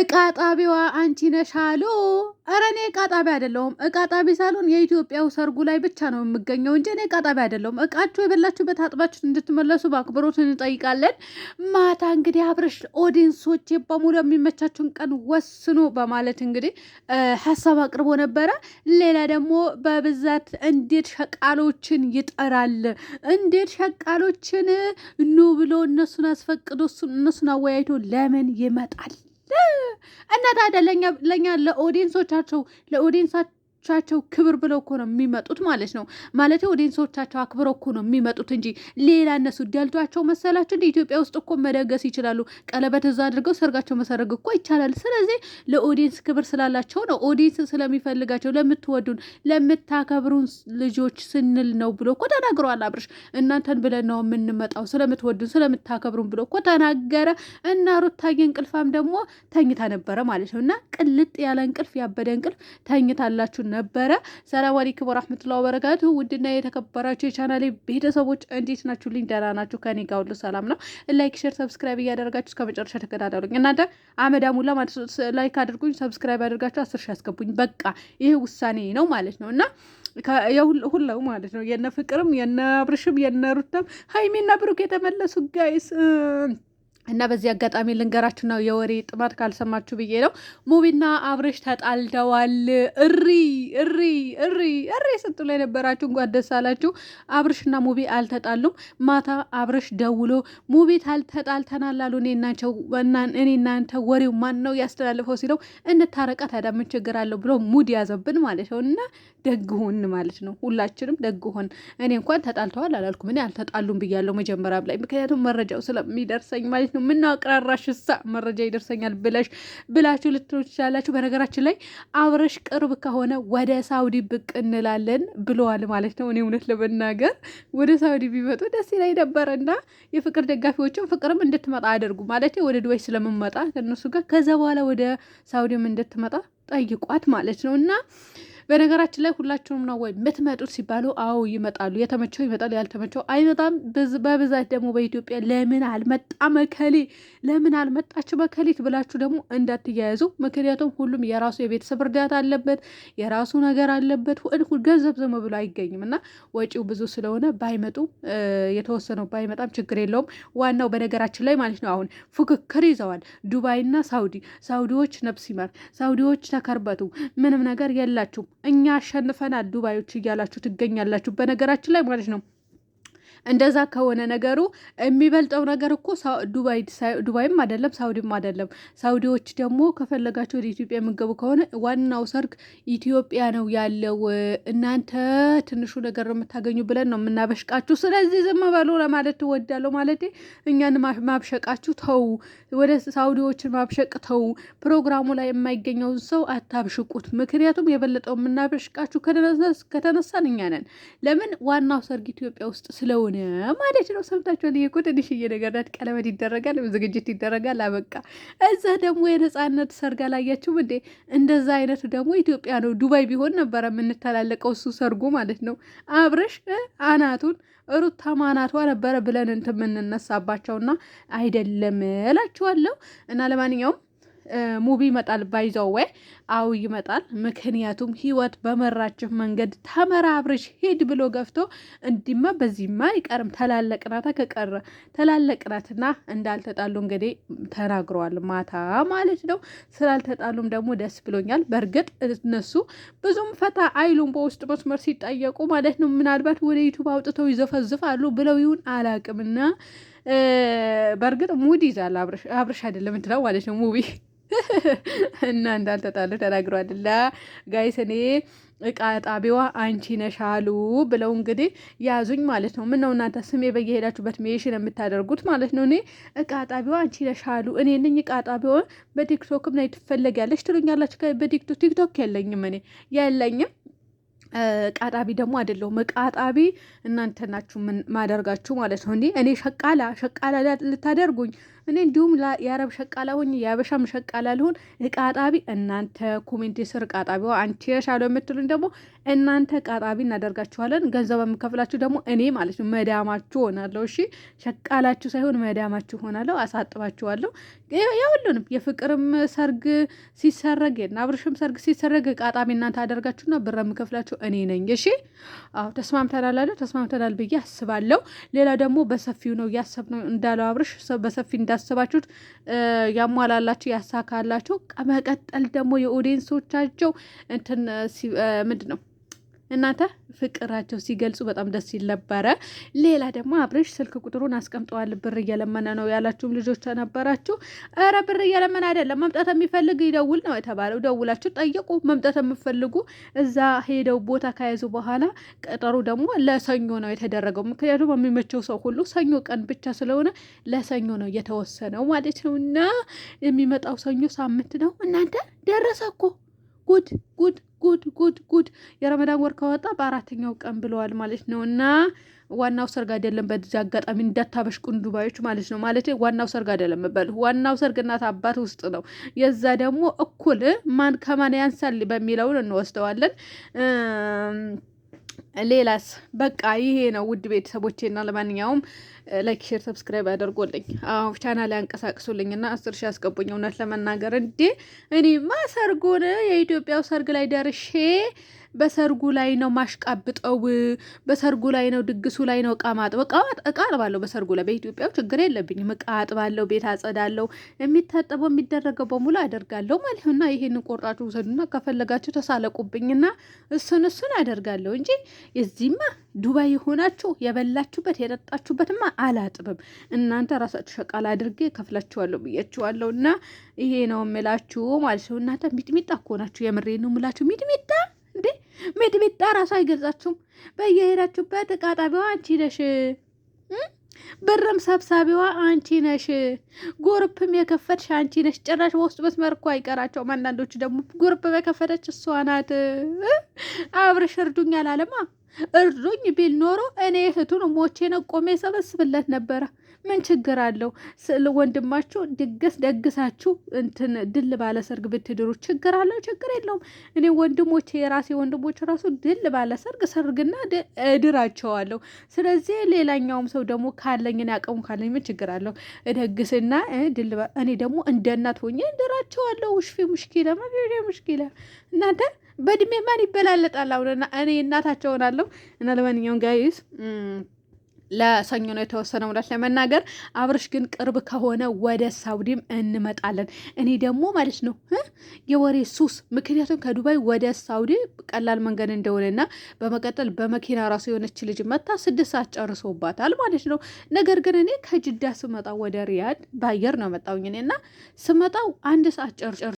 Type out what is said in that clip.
እቃ ጣቢዋ አንቺ ነሽ አሉ። ኧረ እኔ እቃ ጣቢ አይደለሁም። እቃ ጣቢ ሳልሆን የኢትዮጵያው ሰርጉ ላይ ብቻ ነው የምገኘው እንጂ እኔ እቃ ጣቢ አይደለሁም። እቃችሁ የበላችሁበት አጥባችሁ እንድትመለሱ በአክብሮት እንጠይቃለን። ማታ እንግዲህ አብረሽ ኦዲንሶች በሙሉ የሚመቻችሁን ቀን ወስኑ በማለት እንግዲህ ሀሳብ አቅርቦ ነበረ። ሌላ ደግሞ በብዛት እንዴት ሸቃሎችን ይጠራል፣ እንዴት ሸቃሎችን ኑ ብሎ እነሱን አስፈቅዶ እነሱን አወያይቶ ለምን ይመጣል? እና ታዲያ ለእኛ ለኦዲንሶቻቸው ለኦዲየንሳቸው ቻቸው ክብር ብለው እኮ ነው የሚመጡት ማለት ነው። ማለት ኦዲየንሶቻቸው አክብረው እኮ ነው የሚመጡት እንጂ ሌላ እነሱ ደልቷቸው መሰላቸው። እንደ ኢትዮጵያ ውስጥ እኮ መደገስ ይችላሉ። ቀለበት እዛ አድርገው ሰርጋቸው መሰረግ እኮ ይቻላል። ስለዚህ ለኦዲንስ ክብር ስላላቸው ነው፣ ኦዲንስ ስለሚፈልጋቸው፣ ለምትወዱን ለምታከብሩን ልጆች ስንል ነው ብሎ እኮ ተናግረዋል አብርሽ። እናንተን ብለን ነው የምንመጣው ስለምትወዱን ስለምታከብሩን ብሎ እኮ ተናገረ እና ሩታዬ እንቅልፋም ደግሞ ተኝታ ነበረ ማለት ነው እና ቅልጥ ያለ እንቅልፍ ያበደ እንቅልፍ ተኝታላችሁ ነበረ። ሰላም አለይኩም ወራህመቱላሂ ወበረካቱ። ውድና የተከበራችሁ የቻናሌ ቤተሰቦች እንዴት ናችሁ? ልኝ ደህና ናችሁ? ከኔ ጋር ሁሉ ሰላም ነው። ላይክ፣ ሼር፣ ሰብስክራይብ እያደረጋችሁ እስከ መጨረሻ ተከታተሉኝ። እናንተ ሙላ ማለት ላይክ አድርጉኝ፣ ሰብስክራይብ አድርጋችሁ አስር ሺህ አስገቡኝ። በቃ ይሄ ውሳኔ ነው ማለት ነው እና ሁላው ማለት ነው የነ ፍቅርም የነ አብርሽም የነ ሩታም ሀይሜና ብሩክ የተመለሱ ጋይስ እና በዚህ አጋጣሚ ልንገራችሁ ነው የወሬ ጥማት ካልሰማችሁ ብዬ ነው። ሙቢና አብርሽ ተጣልደዋል እሪ እሪ እሪ እሪ ስትሉ የነበራችሁ እንኳን ደስ አላችሁ። አብርሽና ሙቢ አልተጣሉም። ማታ አብርሽ ደውሎ ሙቢ ተጣልተናል አሉ እኔ እናንተ ወሬው ማን ነው ያስተላልፈው ሲለው እንታረቃ ታዲያ ምን ችግር አለው ብሎ ሙድ ያዘብን ማለት ነው። እና ደግሆን ማለት ነው። ሁላችንም ደግሆን እኔ እንኳን ተጣልተዋል አላልኩም። እኔ አልተጣሉም ብያለሁ መጀመሪያም ላይ ምክንያቱም መረጃው ስለሚደርሰኝ ማለት ነው ነው አቅራራሽ እሳ መረጃ ይደርሰኛል ብለሽ ብላችሁ ልትሉ ትችላላችሁ። በነገራችን ላይ አብረሽ ቅርብ ከሆነ ወደ ሳውዲ ብቅ እንላለን ብለዋል ማለት ነው። እኔ እውነት ለመናገር ወደ ሳውዲ ቢመጡ ደስ ይለኝ ነበር እና የፍቅር ደጋፊዎችም ፍቅርም እንድትመጣ አደርጉ ማለት ወደ ዱባይ ስለምመጣ ከእነሱ ጋር ከዛ በኋላ ወደ ሳውዲም እንድትመጣ ጠይቋት ማለት ነው እና በነገራችን ላይ ሁላችሁም ነው ወይ የምትመጡት ሲባሉ አዎ ይመጣሉ። የተመቸው ይመጣል፣ ያልተመቸው አይመጣም። በብዛት ደግሞ በኢትዮጵያ ለምን አልመጣ መከሌ ለምን አልመጣችሁ መከሌት ብላችሁ ደግሞ እንዳትያያዙ። ምክንያቱም ሁሉም የራሱ የቤተሰብ እርዳታ አለበት፣ የራሱ ነገር አለበት። ገንዘብ ዝም ብሎ አይገኝም እና ወጪው ብዙ ስለሆነ ባይመጡ የተወሰነው ባይመጣም ችግር የለውም። ዋናው በነገራችን ላይ ማለት ነው አሁን ፉክክር ይዘዋል ዱባይና ሳውዲ። ሳውዲዎች ነፍስ ይማር፣ ሳውዲዎች ተከርበቱ፣ ምንም ነገር የላችሁም። እኛ አሸንፈናል ዱባዮች እያላችሁ ትገኛላችሁ። በነገራችን ላይ ማለት ነው እንደዛ ከሆነ ነገሩ የሚበልጠው ነገር እኮ ዱባይም አይደለም ሳውዲም አይደለም። ሳውዲዎች ደግሞ ከፈለጋቸው ወደ ኢትዮጵያ የምገቡ ከሆነ ዋናው ሰርግ ኢትዮጵያ ነው ያለው። እናንተ ትንሹ ነገር ነው የምታገኙ ብለን ነው የምናበሽቃችሁ። ስለዚህ ዝም በሉ ለማለት ትወዳለሁ ማለት እኛን ማብሸቃችሁ ተው፣ ወደ ሳውዲዎችን ማብሸቅ ተው። ፕሮግራሙ ላይ የማይገኘውን ሰው አታብሽቁት። ምክንያቱም የበለጠው የምናበሽቃችሁ ከተነሳን እኛ ነን። ለምን ዋናው ሰርግ ኢትዮጵያ ውስጥ ስለ ሆነ ማለት ነው። ሰምታችኋል። ይሄ እኮ ትንሽዬ ነገር ናት። ቀለበት ይደረጋል፣ ዝግጅት ይደረጋል። አበቃ። እዛ ደግሞ የነፃነት ሰርግ አላያችሁም እንዴ? እንደዛ አይነቱ ደግሞ ኢትዮጵያ ነው። ዱባይ ቢሆን ነበረ የምንተላለቀው እሱ ሰርጉ ማለት ነው። አብረሽ አናቱን ሩታ ማናቷ ነበረ ብለን እንትን የምንነሳባቸውና አይደለም እላችኋለሁ እና ለማንኛውም ሙቪ ይመጣል ባይዘው ወይ አው ይመጣል። ምክንያቱም ህይወት በመራችሁ መንገድ ተመራብርሽ ሂድ ብሎ ገፍቶ እንዲማ በዚህማ አይቀርም ተላለቅናታ ከቀረ ተላለቅናትና እንዳልተጣሉ እንግዲህ ተናግረዋል ማታ ማለት ነው። ስላልተጣሉም ደግሞ ደስ ብሎኛል። በእርግጥ እነሱ ብዙም ፈታ አይሉም በውስጥ መስመር ሲጠየቁ ማለት ነው። ምናልባት ወደ ዩቱብ አውጥተው ይዘፈዝፋሉ ብለው ይሁን አላቅምና በእርግጥ ሙድ ይዛል አብርሽ አይደለም እንትላው ማለት ነው ሙቪ እና እንዳልተጣሉ ተናግሯል። ጋይስ እኔ እቃ ጣቢዋ አንቺ ነሻሉ ብለው እንግዲህ ያዙኝ ማለት ነው። ምን ነው እናንተ ስሜ በየሄዳችሁበት ሜሽን የምታደርጉት ማለት ነው። እኔ እቃ ጣቢዋ አንቺ ነሻሉ እኔ ነኝ እቃ ጣቢዋ። በቲክቶክም ላይ ትፈለጊያለሽ ትሉኛላችሁ። በቲክቶክ የለኝም እኔ የለኝም። ቃጣቢ ደግሞ አይደለሁም። ቃጣቢ እናንተ ናችሁ ማደርጋችሁ ማለት ነው። እኔ ሸቃላ ሸቃላ ልታደርጉኝ እኔ እንዲሁም የአረብ ሸቃላ ሆኜ የአበሻም ሸቃላ ልሆን ቃጣቢ እናንተ ኮሜንት ስር ቃጣቢ አንቺ የሻለ የምትሉኝ ደግሞ እናንተ ቃጣቢ እናደርጋችኋለን። ገንዘብ የምከፍላችሁ ደግሞ እኔ ማለት ነው መዳማችሁ ሆናለሁ። እሺ ሸቃላችሁ ሳይሆን መዳማችሁ ሆናለሁ፣ አሳጥባችኋለሁ። የሁሉንም የፍቅርም ሰርግ ሲሰረግ የናብርሽም ሰርግ ሲሰረግ ቃጣቢ እናንተ አደርጋችሁና ብር የምከፍላችሁ እኔ ነኝ። እሺ አዎ ተስማምተናል አይደል? ተስማምተናል ብዬ አስባለሁ። ሌላ ደግሞ በሰፊው ነው እያሰብ ነው እንዳለው አብርሽ በሰፊ እንዳ ያላሰባችሁት ያሟላላችሁ ያሳካላችሁ። መቀጠል ደግሞ የኦዲየንሶቻቸው እንትን ምንድን ነው እናንተ ፍቅራቸው ሲገልጹ በጣም ደስ ይል ነበረ። ሌላ ደግሞ አብርሽ ስልክ ቁጥሩን አስቀምጠዋል። ብር እየለመነ ነው ያላችሁም ልጆች ነበራችሁ። ኧረ ብር እየለመነ አይደለም፣ መምጣት የሚፈልግ ይደውል ነው የተባለው። ደውላችሁ ጠየቁ። መምጣት የምፈልጉ እዛ ሄደው ቦታ ከያዙ በኋላ ቀጠሩ ደግሞ ለሰኞ ነው የተደረገው። ምክንያቱም የሚመቸው ሰው ሁሉ ሰኞ ቀን ብቻ ስለሆነ ለሰኞ ነው የተወሰነው ማለት ነው። እና የሚመጣው ሰኞ ሳምንት ነው። እናንተ ደረሰ እኮ ጉድ ጉድ ጉድ ጉድ ጉድ! የረመዳን ወር ከወጣ በአራተኛው ቀን ብለዋል ማለት ነው። እና ዋናው ሰርግ አይደለም፣ በዚህ አጋጣሚ እንዳታበሽቁን ዱባዮች ማለት ነው። ማለት ዋናው ሰርግ አይደለም በሉ፣ ዋናው ሰርግ እናት አባት ውስጥ ነው። የዛ ደግሞ እኩል ማን ከማን ያንሳል በሚለውን እንወስደዋለን። ሌላስ በቃ ይሄ ነው ውድ ቤተሰቦቼ። እና ለማንኛውም ላይክ፣ ሼር፣ ሰብስክራይብ አድርጎልኝ አዎ ቻናል ያንቀሳቅሱልኝ እና አስር ሺ አስገቡኝ። እውነት ለመናገር እንዴ እኔማ ሰርጉን የኢትዮጵያው ሰርግ ላይ ደርሼ በሰርጉ ላይ ነው ማሽቃብጠው፣ በሰርጉ ላይ ነው ድግሱ ላይ ነው እቃ ማጥበው። እቃ አጥባለሁ በሰርጉ ላይ በኢትዮጵያው ችግር የለብኝም። እቃ አጥባለሁ፣ ቤት አጸዳለሁ፣ የሚታጠበው የሚደረገው በሙሉ አደርጋለሁ ማለት ነው። ይሄን ቆርጣችሁ ውሰዱና ከፈለጋችሁ ተሳለቁብኝና እሱን እሱን አደርጋለሁ እንጂ የዚህማ ዱባይ የሆናችሁ የበላችሁበት የጠጣችሁበትማ አላጥብም። እናንተ ራሳችሁ ሸቃል አድርጌ ከፍላችኋለሁ ብያችኋለሁ። እና ይሄ ነው የምላችሁ ማለት ነው። እናንተ ሚጥሚጣ ከሆናችሁ የምሬ ነው የምላችሁ ሚጥሚጣ ሚጥሚጣ ራሱ አይገልጻችሁም። በየሄዳችሁበት ቃጣቢዋ አንቺ ነሽ፣ ብርም ሰብሳቢዋ አንቺ ነሽ፣ ጉርፕም የከፈትሽ አንቺ ነሽ። ጭራሽ በውስጥ መስመር እኮ አይቀራቸውም። አንዳንዶቹ ደግሞ ጉርፕ በከፈተች እሷ ናት። አብርሽ እርዱኝ አላለማ። እርዱኝ ቢል ኖሮ እኔ እህቱን ሞቼ ነው ቆሜ ሰበስብለት ነበረ። ምን ችግር አለው? ወንድማችሁ ድግስ ደግሳችሁ እንትን ድል ባለ ሰርግ ብትድሩ ችግር አለው? ችግር የለውም። እኔ ወንድሞቼ የራሴ ወንድሞች ራሱ ድል ባለ ሰርግ ሰርግና እድራቸዋለሁ። ስለዚህ ሌላኛውም ሰው ደግሞ ካለኝን ያቀሙ ካለኝ ምን ችግር አለው? እደግስና ድል እኔ ደግሞ እንደ እናት ሆኜ እድራቸዋለሁ። ውሽፊ ሙሽኪለ ማ ሙሽኪለ እናንተ በእድሜ ማን ይበላለጣል? አሁን እኔ እናታቸውን አለው እና ለማንኛውም ጋይስ ለሰኞ ነው የተወሰነው። እውነት ለመናገር አብርሽ ግን ቅርብ ከሆነ ወደ ሳውዲም እንመጣለን። እኔ ደግሞ ማለት ነው የወሬ ሱስ ምክንያቱም ከዱባይ ወደ ሳውዲ ቀላል መንገድ እንደሆነና በመቀጠል በመኪና ራሱ የሆነች ልጅ መታ ስድስት ሰዓት ጨርሶባታል ማለት ነው። ነገር ግን እኔ ከጅዳ ስመጣ ወደ ሪያድ በአየር ነው መጣውኝ እኔና ስመጣው አንድ ሰዓት ጨርጨር